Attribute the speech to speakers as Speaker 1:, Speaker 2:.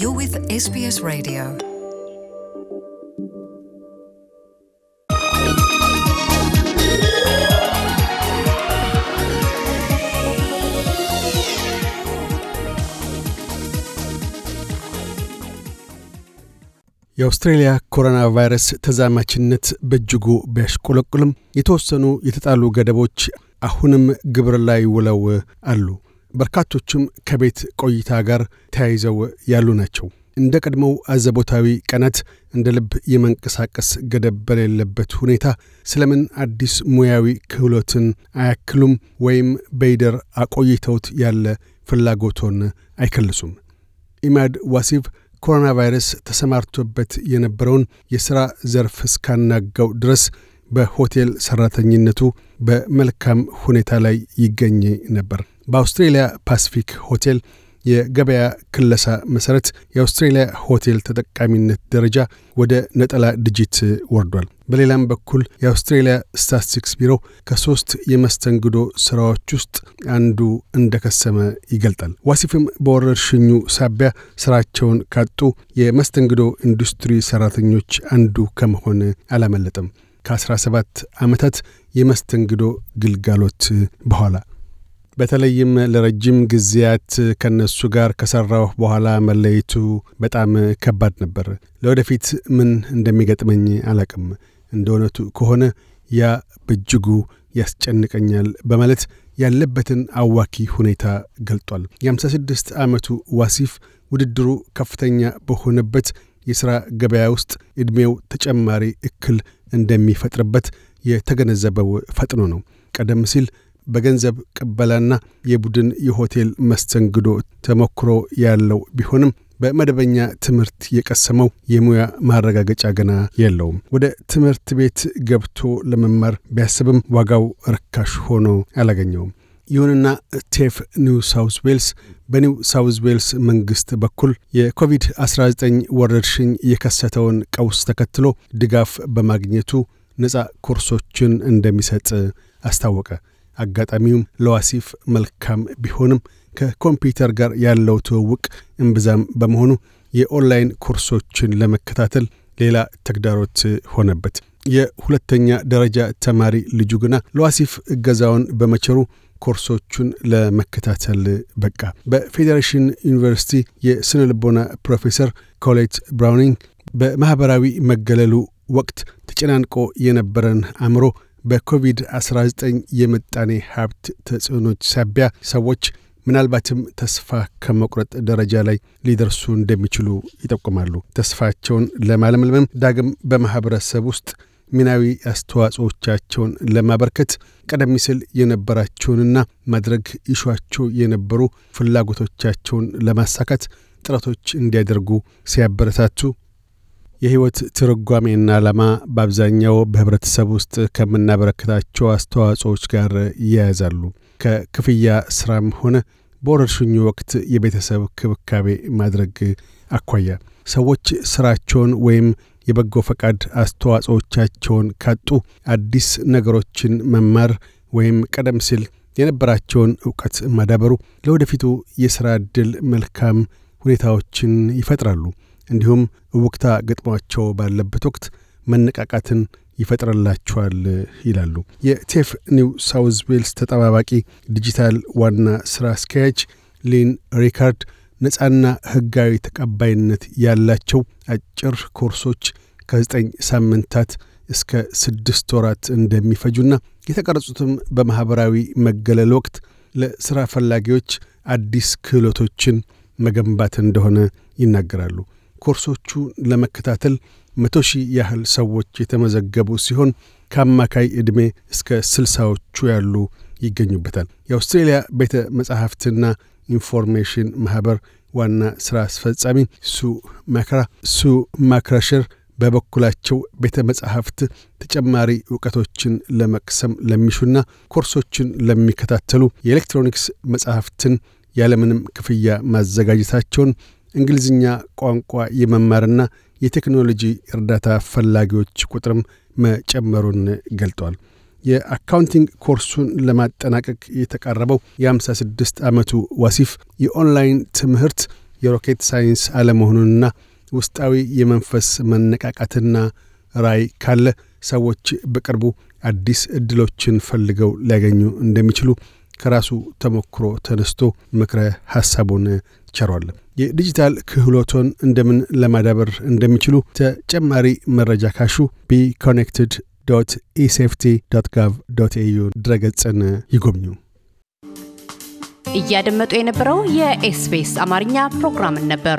Speaker 1: You're with SBS Radio. የአውስትሬልያ ኮሮና ቫይረስ ተዛማችነት በእጅጉ ቢያሽቆለቁልም የተወሰኑ የተጣሉ ገደቦች አሁንም ግብር ላይ ውለው አሉ። በርካቶችም ከቤት ቆይታ ጋር ተያይዘው ያሉ ናቸው። እንደ ቀድሞው አዘቦታዊ ቀናት እንደ ልብ የመንቀሳቀስ ገደብ በሌለበት ሁኔታ ስለምን አዲስ ሙያዊ ክህሎትን አያክሉም ወይም በይደር አቆይተውት ያለ ፍላጎቶን አይከልሱም? ኢማድ ዋሲቭ ኮሮና ቫይረስ ተሰማርቶበት የነበረውን የሥራ ዘርፍ እስካናጋው ድረስ በሆቴል ሰራተኝነቱ በመልካም ሁኔታ ላይ ይገኝ ነበር። በአውስትሬልያ ፓሲፊክ ሆቴል የገበያ ክለሳ መሠረት የአውስትሬልያ ሆቴል ተጠቃሚነት ደረጃ ወደ ነጠላ ድጅት ወርዷል። በሌላም በኩል የአውስትሬልያ ስታትስቲክስ ቢሮ ከሦስት የመስተንግዶ ሥራዎች ውስጥ አንዱ እንደከሰመ ይገልጣል። ዋሲፍም በወረርሽኙ ሳቢያ ሥራቸውን ካጡ የመስተንግዶ ኢንዱስትሪ ሠራተኞች አንዱ ከመሆን አላመለጠም። ከ17 ዓመታት የመስተንግዶ ግልጋሎት በኋላ በተለይም ለረጅም ጊዜያት ከነሱ ጋር ከሠራሁ በኋላ መለየቱ በጣም ከባድ ነበር። ለወደፊት ምን እንደሚገጥመኝ አላቅም። እንደ እውነቱ ከሆነ ያ በእጅጉ ያስጨንቀኛል በማለት ያለበትን አዋኪ ሁኔታ ገልጧል። የ56 ዓመቱ ዋሲፍ ውድድሩ ከፍተኛ በሆነበት የሥራ ገበያ ውስጥ ዕድሜው ተጨማሪ እክል እንደሚፈጥርበት የተገነዘበው ፈጥኖ ነው። ቀደም ሲል በገንዘብ ቅበላና የቡድን የሆቴል መስተንግዶ ተሞክሮ ያለው ቢሆንም በመደበኛ ትምህርት የቀሰመው የሙያ ማረጋገጫ ገና የለውም። ወደ ትምህርት ቤት ገብቶ ለመማር ቢያስብም ዋጋው ርካሽ ሆኖ አላገኘውም። ይሁንና ቴፍ ኒው ሳውዝ ዌልስ በኒው ሳውዝ ዌልስ መንግስት በኩል የኮቪድ-19 ወረርሽኝ የከሰተውን ቀውስ ተከትሎ ድጋፍ በማግኘቱ ነፃ ኮርሶችን እንደሚሰጥ አስታወቀ። አጋጣሚውም ለዋሲፍ መልካም ቢሆንም ከኮምፒውተር ጋር ያለው ትውውቅ እምብዛም በመሆኑ የኦንላይን ኮርሶችን ለመከታተል ሌላ ተግዳሮት ሆነበት። የሁለተኛ ደረጃ ተማሪ ልጁ ግና ለዋሲፍ እገዛውን በመቸሩ ኮርሶቹን ለመከታተል በቃ። በፌዴሬሽን ዩኒቨርሲቲ የስነ ልቦና ፕሮፌሰር ኮሌት ብራውኒንግ በማኅበራዊ መገለሉ ወቅት ተጨናንቆ የነበረን አእምሮ በኮቪድ-19 የምጣኔ ሀብት ተጽዕኖች ሳቢያ ሰዎች ምናልባትም ተስፋ ከመቁረጥ ደረጃ ላይ ሊደርሱ እንደሚችሉ ይጠቁማሉ። ተስፋቸውን ለማለምለምም ዳግም በማኅበረሰብ ውስጥ ሚናዊ አስተዋጽኦቻቸውን ለማበርከት ቀደም ሲል የነበራቸውንና ማድረግ ይሿቸው የነበሩ ፍላጎቶቻቸውን ለማሳካት ጥረቶች እንዲያደርጉ ሲያበረታቱ የሕይወት ትርጓሜና ዓላማ በአብዛኛው በህብረተሰብ ውስጥ ከምናበረከታቸው አስተዋጽኦዎች ጋር ይያያዛሉ። ከክፍያ ሥራም ሆነ በወረርሽኙ ወቅት የቤተሰብ ክብካቤ ማድረግ አኳያ ሰዎች ሥራቸውን ወይም የበጎ ፈቃድ አስተዋጽኦቻቸውን ካጡ አዲስ ነገሮችን መማር ወይም ቀደም ሲል የነበራቸውን እውቀት ማዳበሩ ለወደፊቱ የሥራ ዕድል መልካም ሁኔታዎችን ይፈጥራሉ። እንዲሁም እውቅታ ገጥሟቸው ባለበት ወቅት መነቃቃትን ይፈጥርላቸዋል ይላሉ። የቴፍ ኒው ሳውዝ ዌልስ ተጠባባቂ ዲጂታል ዋና ሥራ አስኪያጅ ሊን ሪካርድ ነፃና ህጋዊ ተቀባይነት ያላቸው አጭር ኮርሶች ከዘጠኝ ሳምንታት እስከ ስድስት ወራት እንደሚፈጁና የተቀረጹትም በማኅበራዊ መገለል ወቅት ለሥራ ፈላጊዎች አዲስ ክህሎቶችን መገንባት እንደሆነ ይናገራሉ። ኮርሶቹ ለመከታተል መቶ ሺህ ያህል ሰዎች የተመዘገቡ ሲሆን ከአማካይ ዕድሜ እስከ ስልሳዎቹ ያሉ ይገኙበታል። የአውስትሬልያ ቤተ መጻሕፍትና ኢንፎርሜሽን ማኅበር ዋና ሥራ አስፈጻሚ ሱ ማክራ ሱ ማክራሸር በበኩላቸው ቤተ መጻሕፍት ተጨማሪ እውቀቶችን ለመቅሰም ለሚሹና ኮርሶችን ለሚከታተሉ የኤሌክትሮኒክስ መጻሕፍትን ያለምንም ክፍያ ማዘጋጀታቸውን እንግሊዝኛ ቋንቋ የመማርና የቴክኖሎጂ እርዳታ ፈላጊዎች ቁጥርም መጨመሩን ገልጧል። የአካውንቲንግ ኮርሱን ለማጠናቀቅ የተቃረበው የ56 ዓመቱ ዋሲፍ የኦንላይን ትምህርት የሮኬት ሳይንስ አለመሆኑንና ውስጣዊ የመንፈስ መነቃቃትና ራይ ካለ ሰዎች በቅርቡ አዲስ ዕድሎችን ፈልገው ሊያገኙ እንደሚችሉ ከራሱ ተሞክሮ ተነስቶ ምክረ ሐሳቡን ቸሯል። የዲጂታል ክህሎቶን እንደምን ለማዳበር እንደሚችሉ ተጨማሪ መረጃ ካሹ ቢኮኔክትድ ዶት ኢሴፍቲ ዶት ጋቭ ዶት ኤዩ ድረገጽን ይጎብኙ። እያደመጡ የነበረው የኤስቢኤስ አማርኛ ፕሮግራምን ነበር።